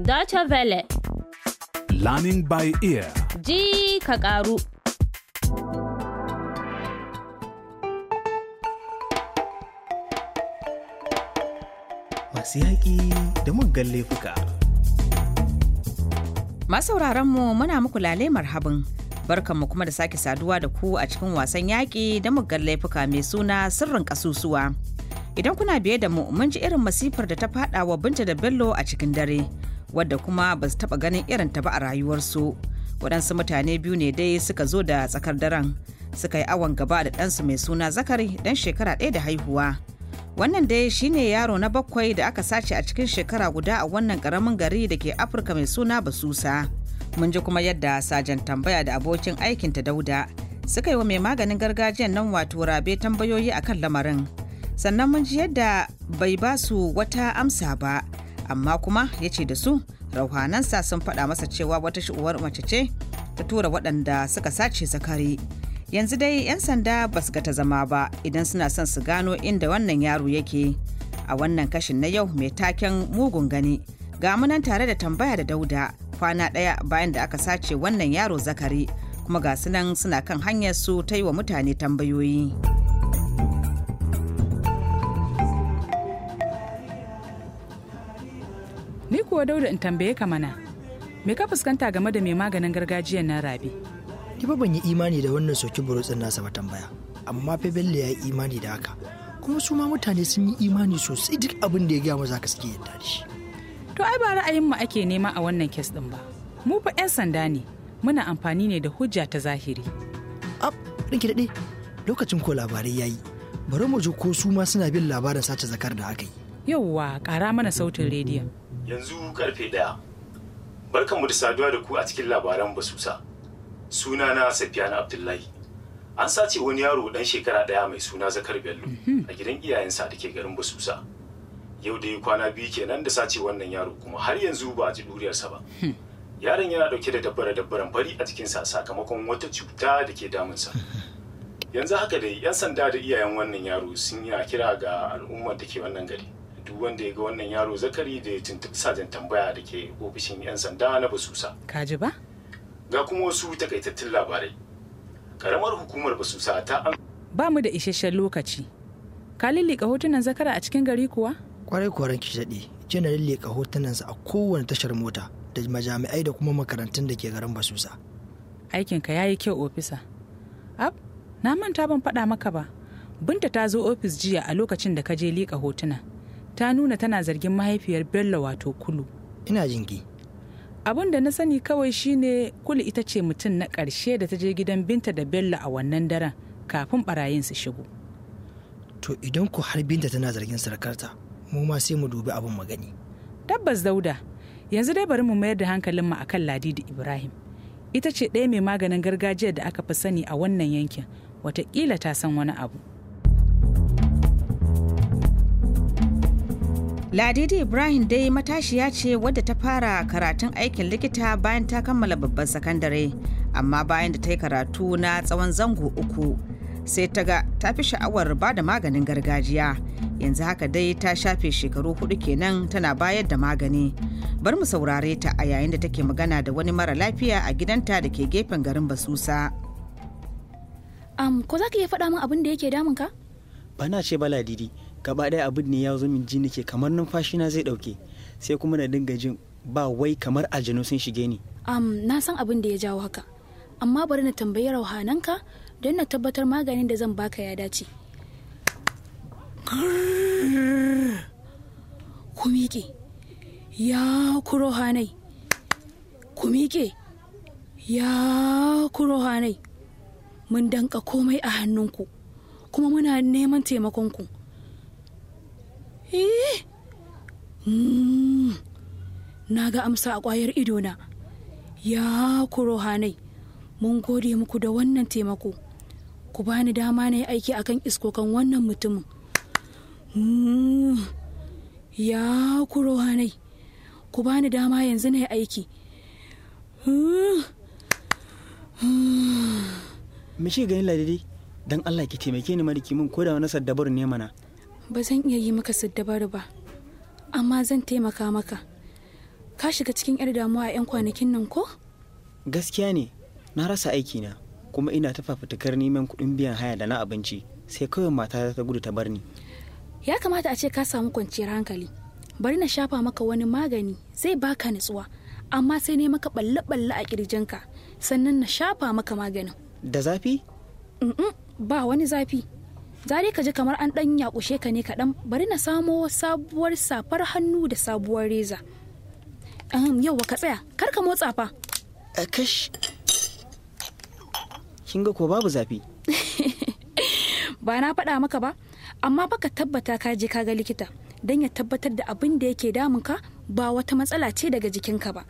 Deutsche Welle. Learning by ear. Ji ka karu. Masu yaƙi da muggan laifuka. Masauraranmu muna muku lale marhabin. Barkanmu kuma da sake saduwa da ku a cikin wasan yaƙi da muggan laifuka mai suna sirrin ƙasusuwa. idan kuna biye da mu mun ji irin masifar da ta fada wa binta da bello a cikin dare wadda kuma ba su taɓa ganin irin ta ba a rayuwarsu waɗansu mutane biyu ne dai suka zo da tsakar daren suka yi awon gaba da ɗansu mai suna zakari ɗan shekara ɗaya da haihuwa wannan dai shine yaro na bakwai da aka sace a cikin shekara guda a wannan ƙaramin gari da ke afirka mai suna basusa mun ji kuma yadda sajan tambaya da abokin aikinta dauda suka yi wa mai maganin gargajiyan nan wato rabe tambayoyi akan lamarin sannan mun ji yadda bai ba su wata amsa ba amma kuma ya ce da su rauhanansa sun faɗa masa cewa wata shi'uwar mace ce ta tura waɗanda suka sace zakari yanzu dai 'yan sanda ba su ga ta zama ba idan suna son su gano inda wannan yaro yake a wannan kashin na yau mai taken mugun gani ga munan tare da tambaya da dauda kwana ɗaya bayan da aka sace wannan yaro zakari kuma ga sunan suna kan hanyar su ta yi wa mutane tambayoyi. kuwa dauda in tambaye ka mana me ka fuskanta game da mai maganin gargajiyan na rabi ki ba ban yi imani da wannan soki burutsin nasa ba tambaya amma fa bello ya yi imani da haka kuma su ma mutane sun yi imani sosai duk abin da ya gaya maza ka suke yadda da shi to ai ba ra'ayin mu ake nema a wannan kes din ba mu fa yan sanda ne muna amfani ne da hujja ta zahiri ab ɗinki daɗe. lokacin ko labarai yayi bari mu ji ko su ma suna bin labarin sace zakar da aka yi yauwa ƙara mana sautin rediyon yanzu karfe ɗaya. Barkanmu da saduwa da ku a cikin labaran basusa. Suna Sunana Safiyana Abdullahi. An sace wani yaro dan shekara ɗaya mai suna Zakar Bello mhm. a gidan iyayensa da ke garin basusa. Yau da kwana biyu kenan da sace wannan yaro kuma har yanzu ba a ji ɗuriyarsa ba. Hmm. Yaron yana ɗauke da dabbare dabbaran fari a sa sakamakon wata cuta da ke damunsa. Yanzu haka dai 'yan sanda da iyayen wannan yaro sun yi kira ga al'ummar da ke wannan gari. duk wanda ya ga wannan yaro zakari da ya tuntuɓi sajan tambaya da ke ofishin 'yan sanda na basusa kaji ba ga kuma wasu takaitattun labarai karamar hukumar basusa ta an ba mu da isasshen lokaci ka lillika hotunan zakara a cikin gari kuwa kwarai kwarai ki daɗe kina lillika hotunansa a kowane tashar mota da majami'ai da kuma makarantun da ke garin basusa aikinka ya yi kyau ofisa ab na manta ban faɗa maka ba binta ta zo ofis jiya a lokacin da ka je liƙa hotunan. ta nuna tana zargin mahaifiyar bello wato kulu ina jingi. abin da na sani kawai shine kulu ita ce mutum na ƙarshe da ta je gidan binta da bello a wannan daren kafin barayin su shigo to idan ku har binta tana zargin sarkarta mu ma sai mu dubi abin magani tabbas dauda yanzu dai bari mu mayar da hankalin mu akan ladi da ibrahim ita ce ɗaya mai maganin gargajiya da aka fi sani a wannan yankin Wataƙila ta san wani abu Ladidi Ibrahim dai matashiya ce wadda ta fara karatun aikin likita bayan ta kammala babban sakandare, amma bayan da ta yi karatu na tsawon zango uku. sai ta ga ta fi sha'awar ba da maganin gargajiya yanzu haka dai ta shafe shekaru hudu kenan tana bayar da magani bar mu saurare ta a yayin da take magana da wani mara lafiya a gidanta da ke gefen garin basusa um, ko za ka iya faɗa min abin da yake damun ka bana ce ba ladidi gaba ɗaya abin ne ya zo min ji nake kamar numfashi na zai ɗauke sai kuma na dinga jin ba wai kamar aljanu sun shige ni. Um, na san abin da ya jawo haka amma bari na tambayi rauhananka don na tabbatar maganin da zan baka ya dace. kumike ya ku rohanai, Kumike ya ku rohanai, mun danka komai a hannunku, kuma muna neman taimakonku. ku. eh hmm. na ga amsa a ƙwayar na! ya ku rohanai mun gode muku da wannan taimako ku bani dama na yi aiki akan iskokan wannan mutumin hmm. ya ku rohanai ku bani dama yanzu na yi aiki hmm. mishi ganin ladidi don allah ki taimake ni mariki min koda wani sadabar ne mana ba zan iya yi maka siddabaru ba amma zan taimaka maka ka shiga cikin 'yar damuwa a 'yan kwanakin nan ko gaskiya ne na rasa aiki na, kuma ina ta fafutukar neman kuɗin biyan haya da na abinci sai kawai mata ta gudu ta bar ni ya kamata a ce ka samu kwanciyar hankali bari na shafa maka wani magani zai baka nutsuwa amma sai ne maka balle-balle a ka, sannan na shafa maka maganin da zafi ba wani zafi zare ka ji kamar an ɗan yakushe ka ne kaɗan bari na samo sabuwar safar hannu da sabuwar reza yau ka tsaya kar ka motsa fa eh, kash kin ga ko babu zafi ba na faɗa maka ba amma baka tabbata ka je ka ga likita don ya tabbatar da abin da yake damun ka ba wata matsala ce daga jikinka ba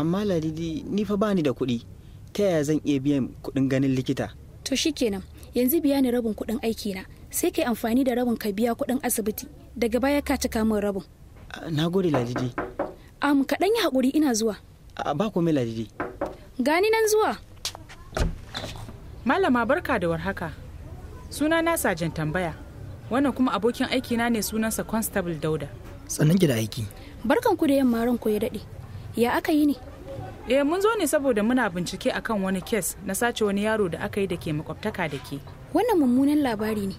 amma ladidi ni fa bani da kuɗi ta yaya zan iya biyan kuɗin ganin likita to shikenan yanzu biya ni rabin kuɗin aiki na sai kai amfani da rabin ka biya kuɗin asibiti daga baya ka cika min rabin na gode ladidi am kaɗan yi hakuri, ina zuwa ba komai ladidi gani nan zuwa malama barka da warhaka suna na sajan tambaya wannan kuma abokin aikina ne sunansa constable dauda sannan ki aiki barkan ku da yamma ranku ya daɗe ya aka yi ne eh mun zo ne saboda muna bincike akan wani kes na sace wani yaro da aka yi da ke makwabtaka da ke wannan mummunan labari ne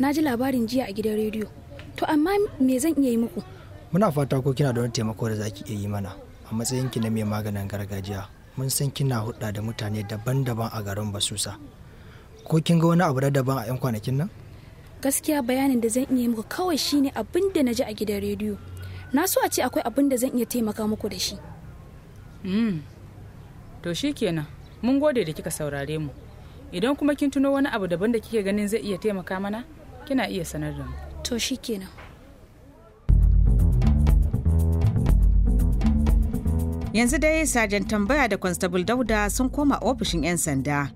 na ji labarin jiya a gidan rediyo to amma me zan iya yi muku muna fata ko kina da wani taimako da zaki iya yi mana a matsayin ki na mai maganin gargajiya mun san kina hudda da mutane daban-daban a garin basusa ko kin ga wani abu da daban a yan kwanakin nan gaskiya bayanin da zan iya yi muku kawai shine abin da na ji a gidan rediyo na so a ce akwai abin da zan iya taimaka muku da shi Mm. to To kenan mun gode da kika saurare mu. Idan kuma kin tuno wani abu daban da kike ganin zai iya taimaka mana, kina iya sanar da mu. To kenan Yanzu dai sajan tambaya da Constable Dauda sun koma ofishin 'yan sanda.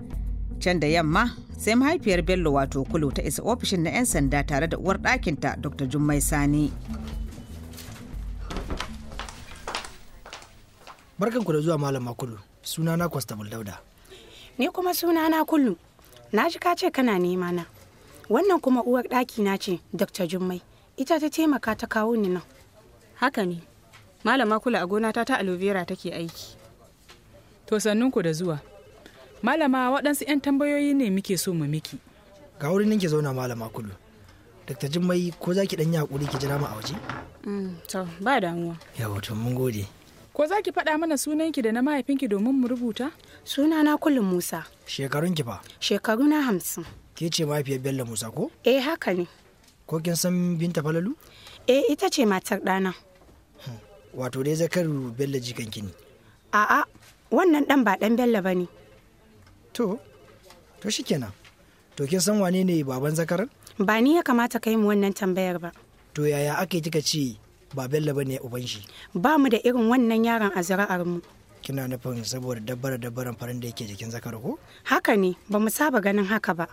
Can da yamma sai mahaifiyar Bello wato Kulu ta isa ofishin na 'yan sanda tare da uwar ɗakinta Dr. Jummai Sani. barkan ku da zuwa malam suna na kwastabul dauda ni kuma suna na kullu na ji ka ce kana nema na wannan kuma uwar daki na ce dr jummai ita ta taimaka ta kawo ni nan haka ne malama makullu a gona ta ta vera take aiki to ku da zuwa malama waɗansu 'yan tambayoyi ne muke so mu miki ga wurin ninki zauna malam makullu dr jummai ko za ki ɗan yi hakuri ki jira mu a waje mm, to ba damuwa yawo to mun gode Ko za ki faɗa mana sunanki da na mahaifinki domin mu rubuta? Sunana kullum Musa. Shekarun ki fa? Shekaru na hamsin. Ke ce mahaifiyar Bello Musa ko? Eh haka ne. Ko kin san Binta Falalu? Eh ita ce matar ɗana. Hmm. Wato dai zakaru Bello jikanki ne. A'a wannan ɗan ba ɗan Bello ba ne. To, to kenan. To kin san wane ne baban zakaran? Ba ni ya kamata kai mu wannan tambayar ba. To yaya aka ake kika ce ba bello bane uban shi ba mu da irin wannan yaron a zira'ar mu kina nufin saboda dabbara dabbaran farin da yake jikin zakar ko haka ne ba mu saba ganin haka ba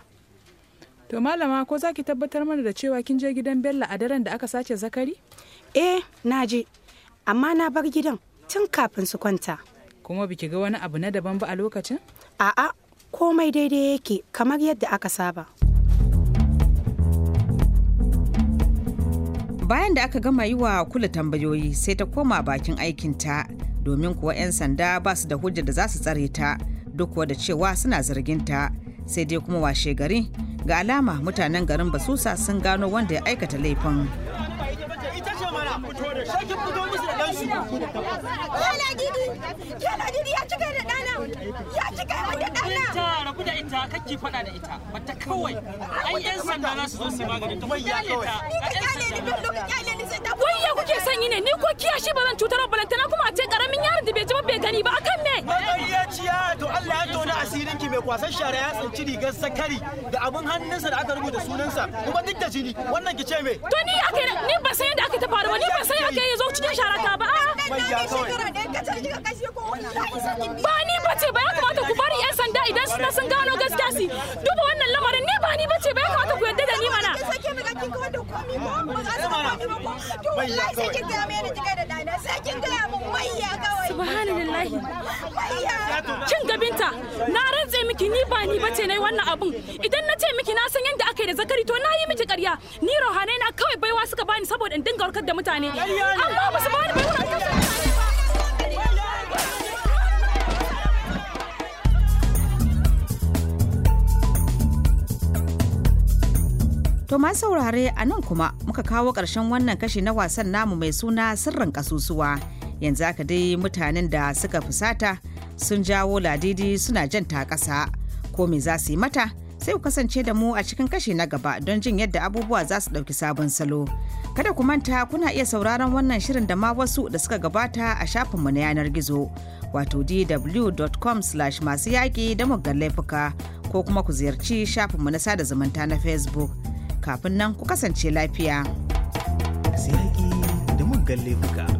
to malama ko zaki tabbatar mana da cewa kin je gidan bello a daren da aka sace zakari eh na je amma na bar gidan tun kafin su kwanta kuma biki ga wani abu na daban ba a lokacin a'a komai daidai yake kamar yadda aka saba bayan da aka gama yi wa kula tambayoyi sai ta koma bakin aikinta domin kuwa 'yan sanda ba su da hujja da za su tsare ta duk da cewa suna zarginta sai dai kuma washe gari ga alama mutanen garin basusa sun gano wanda ya aikata laifin ita ni wai ya kuke son yi ne ni ko kiya shi ba zan cutar ba balantana kuma a ce karamin yaron da bai ji ba bai gani ba akan me magariyaciya to Allah ya tona asirin ki mai kwasan shara ya tsinci rigar sakari da abun hannunsa da aka rubuta sunansa kuma duk da jini wannan ki ce me to ni aka ni ba san yadda aka ta faru ba ni ba san aka yi zo cikin shara ta ba ba ni ba ce ba ya kamata ku bari yan sanda idan suna sun gano gaskiya su duk Wallahi sai kin gaya da sai kin gaya binta na rantse miki ni ba ni bace nayi wannan abun. Idan na ce miki na san yadda aka yi da zakari to na yi miki karya Ni rohanai na kawai baiwa suka bani saboda in dinga warkar da mutane. Amma ba su bani baiwa. To ma saurare a nan kuma muka kawo ƙarshen wannan kashi na wasan namu mai suna sirrin ƙasusuwa. Yanzu aka dai mutanen da suka fusata sun jawo ladidi suna jan ta ƙasa. Ko me za su yi mata? Sai ku kasance da mu a cikin kashi na gaba don jin yadda abubuwa za su ɗauki sabon salo. Kada ku manta kuna iya sauraron wannan shirin da ma wasu da suka gabata a shafinmu na yanar gizo. Wato dw.com slash masu yaƙi da muggan laifuka ko kuma ku ziyarci shafinmu na sada zumunta na Facebook. kafin nan ku kasance lafiya. Sai da muggan laifuka.